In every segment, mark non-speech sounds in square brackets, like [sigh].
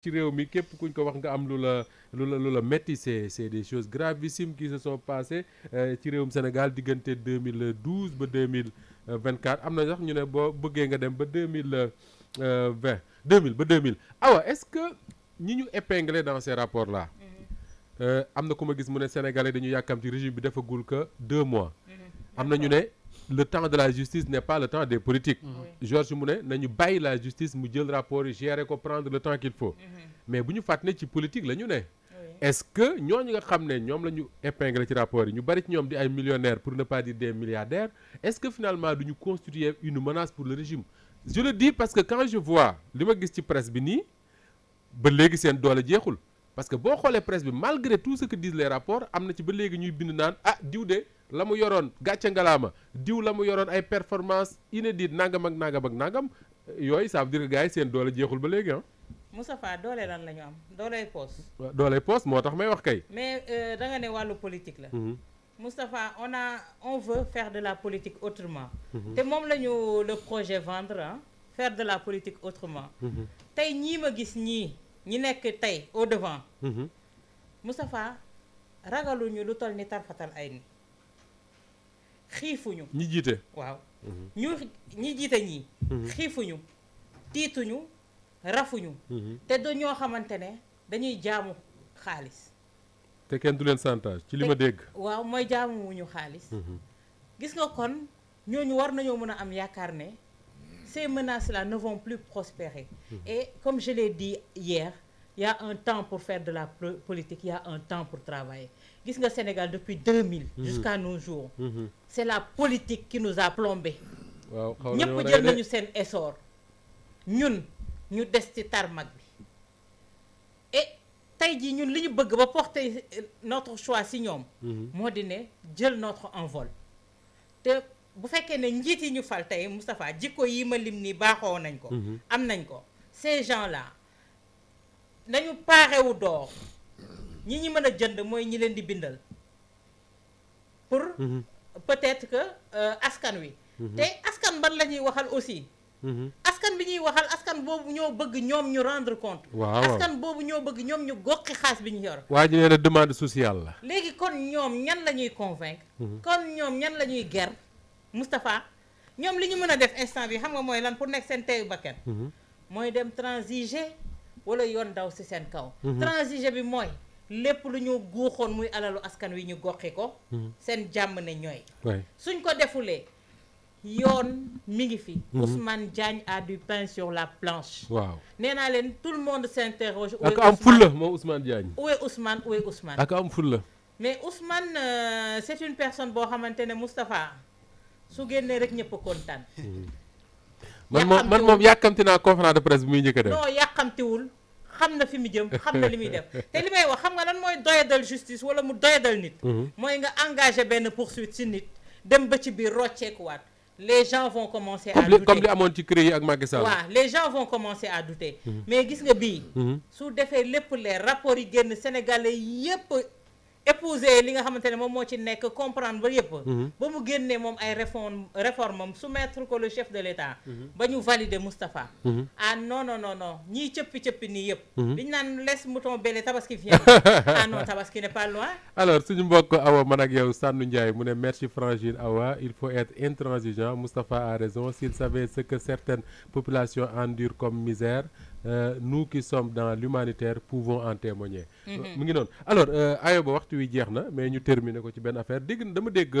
ci réew mi képp kuñ ko wax nga am lu la lu la lu la métti c'est c'est des choses gravissimes qui se sont passées euh, ci réewum Sénégal diggante 2012 ba 2024 am na sax ñu ne boo bëggee nga dem ba 2020 2000 ba 2000 awa est-ce que ñi ñu épinglé dans ces rapports là mm-hmm. euh, am na ku ma gis mu ne sénégalais dañu yàkkamti régime bi defagul que deux mois mm-hmm. am na ñu ne le temps de la justice n'est pas le temps des politiques mm-hmm. Georges mu nañu bàyyi la justice mu jël rapport yi gérer ko prendre le temps qu'il faut mm-hmm. mais bu ñu fàtt ne ci politique la ne est ñooñu nga xam ne ñoom la ñu épinglé ci rapport yi ñu bari ci ñoom di ay millionnaires pour ne pas dire des milliardaires est-ce que finalement duñu une menace pour le régime je le dis parce que quand je vois li ma gis ci presse bi nii ba léegi seen doole jeexul parce que boo xoolee presse bi malgré tout ce que disent les rapports am na ci léegi ñuy bind naan ah, la mu yoroon gàcce ngalaama diw la mu yoroon ay performance inédite nangam ak nangam ak nangam yooyu ça veut dire que yi seen doole jeexul ba léegi ah. Moustapha doole lan la ñu am dooley poos. waaw dooley poos moo tax may wax kay. mais euh, da nga ne wàllu politique la. Mm-hmm. Moustapha on a on veut faire de la politique autrement. Mm-hmm. te moom la ñu le projet vendre ah. faire de la politique autrement. Mm-hmm. tey ñii ma gis ñii ñi nekk tey au devant. Moustapha ragaluñu lu toll ni tarfatal ay xiifuñu. ñi jiite waaw. Mhm. ñu ñi jiite ñii. Mhm. xiifuñu tiituñu rafuñu. Mhm. te du ñoo xamante ne dañuy jaamu xaalis. te kenn du leen chantage ci li ma dégg. waaw mooy jaamu xaalis. gis nga kon ñooñu war nañoo mën a am yaakaar ne ces menaces là ne vont plus prospérer. et comme je di dit y un temps pour fair de la politique y un temps pour travailler gis nga Sénégal depuis mille mhm. jusqu'à nos jours mhm. c'est la politique qui nous a plombé waaw jël nañu seen esor ñun ñu des ci tarmac bi tey jii ñun li ñu bëgg ba porter euh, notre choix ci ñoom mhm. moo di ne jël notre envol te bu fekkee ne njiit yi ñu fal tey Moustapha jikko yi ma lim nii baaxoo nañ ko am nañ ko ces gens là nañu paaxewu door ñi ñi mën a jënd mooy ñi leen di bindal pour mhm. peut-être que euh, askan wi mhm. te askan ban la ñuy waxal aussi mhm. askan bi ñuy waxal askan boobu ñoo bëgg ñoom ñu rendre compte waaw askan boobu ñoo bëgg ñoom ñu goqi xaas bi ñu yor waa ji nee na demande sociale la léegi kon ñoom ñan la ñuy convaincre kon ñoom ñan la ñuy ger Moustapha ñoom li ñu mën a def instant bi xam nga mooy lan pour nekk seen teeyu bakken mooy dem transiger wala yoon ndaw si seen kaw mhm. transiger bi mooy lépp lu ñu guuxoon muy alalu askan wi ñu goxi ko mhm. seen jàmm ne ñooy suñ ko defulee yoon mi ngi fi mhm. Ousmane Diagne a du pen sur la planche waaw nee naa leen tout le monde s'interroge ak am fulla moom Ousmane Diagne où est Ousmane où est Ousmane ak am mais Ousmane euh, c'est une personne boo xamante ne mustapha su génnee rek ñëpp kontan hmm. man moom man moom yàkkamti naa conférence de presse bi muy njëkk a yàkkamtiwul xam na fi mu jëm xam na li muy def [laughs] te li may wax xam nga lan mooy doyadal justice wala mu doyadal nit mhm. mooy nga engagé benn poursuite si nit dem ba ci biir rocceekuwaat les gens vont commencer à douter comme li amoon ci CREI ak Macky Sall waaw les gens vont commencer à douter mhm. mais gis nga bii mhm. su defee lépp les rapports yi génn sénégalais yépp épouser li nga xamante ne moom moo ci nekk comprendre ba yëpp mhm. ba mu génnee moom ay réforme réforme am soumettre ko le chef de l'État mhm. ba ñu valider Moustapha mhm. ah non non non non ñiy cëppi-cëppi nii yëpp diñu naan les mouton bêler tabaski vient [laughs] ah non tabaski n'est pas loin alors suñu mbokk Awa man ak yow Sànnu Ndiaye mu ne merci Frangine Awa il faut être intransigeant Moustapha a raison s'il savait ce que certaines populations endurent comme misère Euh, nous qui sommes dans l'humanitaire pouvons en témoigner. Mhm. Euh, mu ngi noonu alors euh, ayoba waxtu wi jeex na mais ñu terminer ko ci benn affaire dégg dama dégg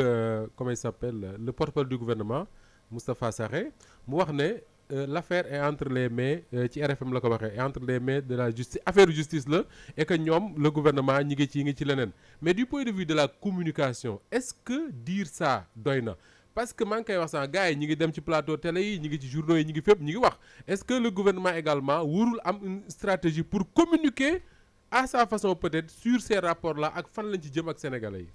comment il s'appelle le porte-parole du gouvernement Moustapha Sarré mu wax ne l'affaire est entre les mais ci RFM la ko waxee est entre les mains de la justice affaire justice la et que ñoom le gouvernement ñi ngi ci ngi ci leneen mais du point de vue de la communication est-ce que dire ça doy na. parce que maa ngi koy wax sax gars yi ñi ngi dem ci plateau télé yi ñi ngi ci journaux yi ñi ngi fépp ñi ngi wax est que le gouvernement également warul am une stratégie pour communiquer à sa façon peut-être sur ces rapport la ak fan lañ ci jëm ak sénégalais yi.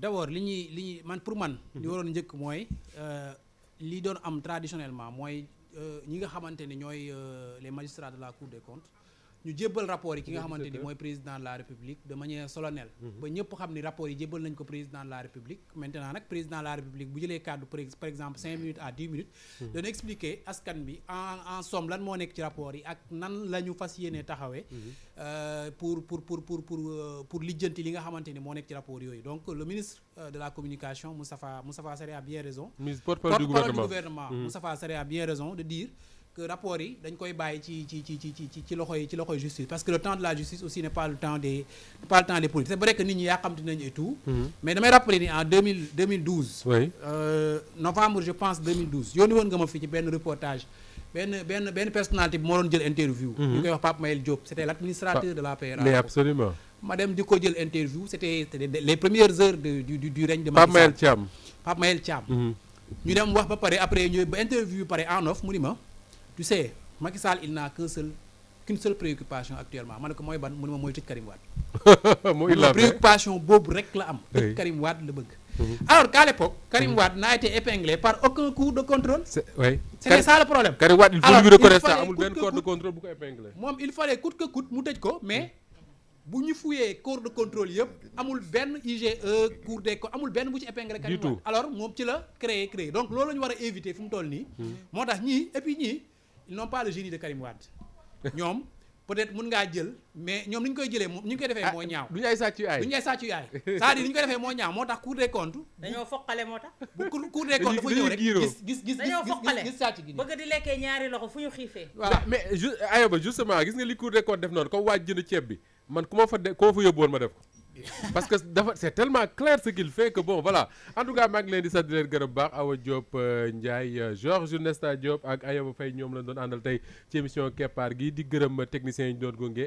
d'abord li ñuy li ñuy man pour man. li mhm. waroon njëkk mooy euh, li doon am traditionnellement mooy euh, ñi nga xamante ne ñooy euh, les magistrats de la cour des comptes. ñu jébbal rapport yi ki nga xamante ni mooy président de la république de manière solennelle mhm. ba ñëpp xam ni rapport yi jébbal nañ ko président de la république maintenant nag président de la république bu jëlee kàddu par exemple cinq minutes à dix minutes mhm. dana expliquer askan bi en en lan moo nekk ci rapport yi ak nan la ñu fas yéene mhm. taxawee euh, pour pour pour pour pour euh, pour lijjanti li nga xamante ni moo nekk ci rapport yooyu donc le ministre euh, de la communication a bien raison porte-parole du que rapport yi dañ koy bàyyi ci ci ci ci ci ci loxoy ci loxoy justice parce que le temps de la justice aussi n'est pas le temps des pas le temps des politiques c'est vrai que nit ñi yàqamti nañ et tout mm-hmm. mais damay rappeler ni en euh, novembre je pense 2012 yónni woon nga ma fi ci benn reportage benn benn benn personnalité bi moo doon jël interview mm-hmm. ñu koy wax Pape Mayel Diop c'était l'administrateur de l'APR mais absolument ma dem di ko jël interview c'était les premières heures du du du règne mm-hmm. wax ba pare après ñu ba interview pare en off mu ni ma tu sais Macky Sall il n'a qu'un seul préoccupation actuellement ma ko mooy ban mu ne ma mooy tëj Karim Wade. [laughs] Mhm. Mhm. par aucun coup de contrôle. c'est oui c'était ça le problème. Karim Wade il faut lui reconnaître benn corps de contrôle bu ko épinglé. moom il fallait coûte mhm. de contrôle yëpp amul benn IGE cour des comptes bu ci épingle alors moom ci la créé créé donc loolu la war a éviter fu mu toll nii. moo tax ñii et ñii. ils n'ont pas le génie ñoom [laughs] peut-être mun ngaa jël mais ñoom ni ñu koy jëlee moom ni ñu koy defee ah, moo ñaaw. du ñu ay sàcc yu ay sàcc yu aay ñu koy defee moo ñaaw moo tax Cour des comptes. dañoo foqale moo tax. bu Cour des comptes dafa ñëw rek gis gis gis gis gis sàcc gi bëgg lekkee ñaari loxo fu ñu xiifee. voilà mais juste Ayoba justement gis nga li Cour des comptes def noonu comme waaj jënd ceeb bi man ku ma fa de ku ma fa yóbbu ma def ko parce que dafa c'est tellement clair ce qu'il fait que bon voilà en tout cas maa ngi leen di sant di leen gërëm baax Awa Diop euh, Ndiaye euh, Georges Nesta Diop ak Ayama fay ñoom la doon àndal tey ci émission keppaar gi di gërëm techniciens yi ñu doon gunge.